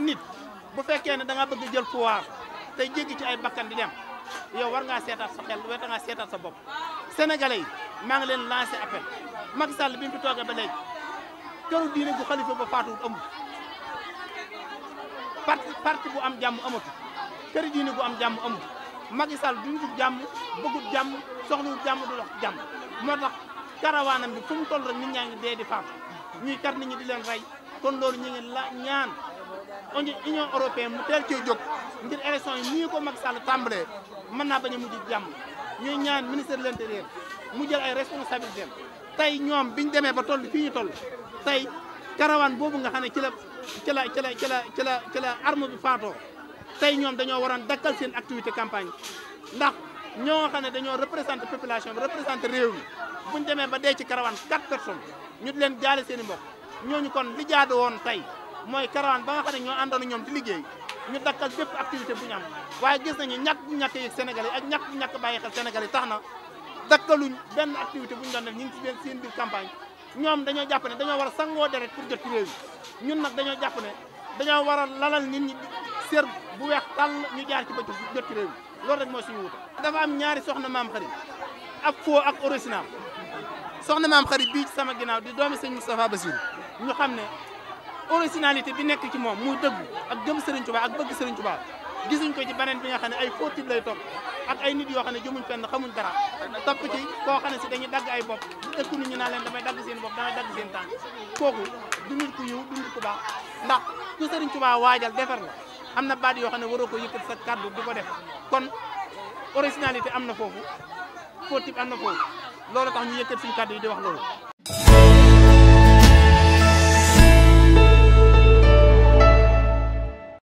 nga nit bu fekkee ne da nga jël pouvoir te jéggi ci ay bakkan di dem yow war ngaa seetaat sa xel war ngaa seetaat sa bopp sénégalais maa ngi leen lancé appel Macky Sall bi mu fi toogee ba léegi këru diine gu xalifa ba faatuwul amul parti parti bu am jàmm amatu këru diine gu am jàmm amatu Macky Sall duñu jàmm bëggut jàmm soxlawul jàmm du dox jàmm moo tax karawaanam bi fu mu toll rek nit ñaa ngi dee di faatu ñuy kar nit ñi di leen rey kon loolu ñu ngi la ñaan union européenne mu teel cee jóg ngir élection ko Macky Sall tàmbalee mën naa bañ a mujj jàmm ñuy ñaan ministre de l'intérieur mu jël ay responsabilités tey ñoom biñu demee ba toll fii ñu toll tey karawaan boobu nga xam ne ci la ci la ci la ci la ci la ci la arme bi faatoo tey ñoom dañoo waroon dakkal seen activité campagne ndax ñoo xam ne dañoo représenté population bi représenté réew mi buñ demee ba dee ci karawaan quatre personnes ñu di leen jaale seeni i mbokk ñooñu kon li jaadu woon tey mooy karawaan ba nga xam ne ñoo àndoon ñoom di liggéey ñu dakkal bépp activité bu ñu am waaye gis nañu ñàkk bu ñàkk yi Sénégal yi ak ñàkk bu ñàkk bàyyi xel Sénégal yi tax na dakkaluñ benn activité bu ñu doon def ñu ngi ci benn seen biir ñoom dañoo jàpp ne dañoo war a sangoo deret pour jot ci ñun nag dañoo jàpp dañoo war a lalal nit ñi sér bu weex tàll ñu jaar ci bëccëg jot ci réew moo loolu rek mooy suñu dafa am ñaari soxna maam xarit ak foo ak original soxna maam xarit bii ci sama ginnaaw di doomi sëñ Moustapha Bassirou ñu xam ne originalité bi nekk ci moom muy dëggu ak gëm Serigne Touba ak bëgg Serigne Touba ko ci beneen bi nga xam ne ay faux type lay topp ak ay nit yoo xam ne jëmuñ fenn xamuñ dara topp ci koo ne si dañuy dagg ay bopp dëkku nit ñu naan leen damay dagg seen bopp damay dagg seen tànk kooku du nit ku yiw du nit ku baax ndax ku waajal defar la am na baat yoo xam ne waroo ko yëkkat sa kàddu di ko def kon originalité am na foofu faux type am na foofu loolu tax ñu yëkkat suñu kàddu yi di wax loolu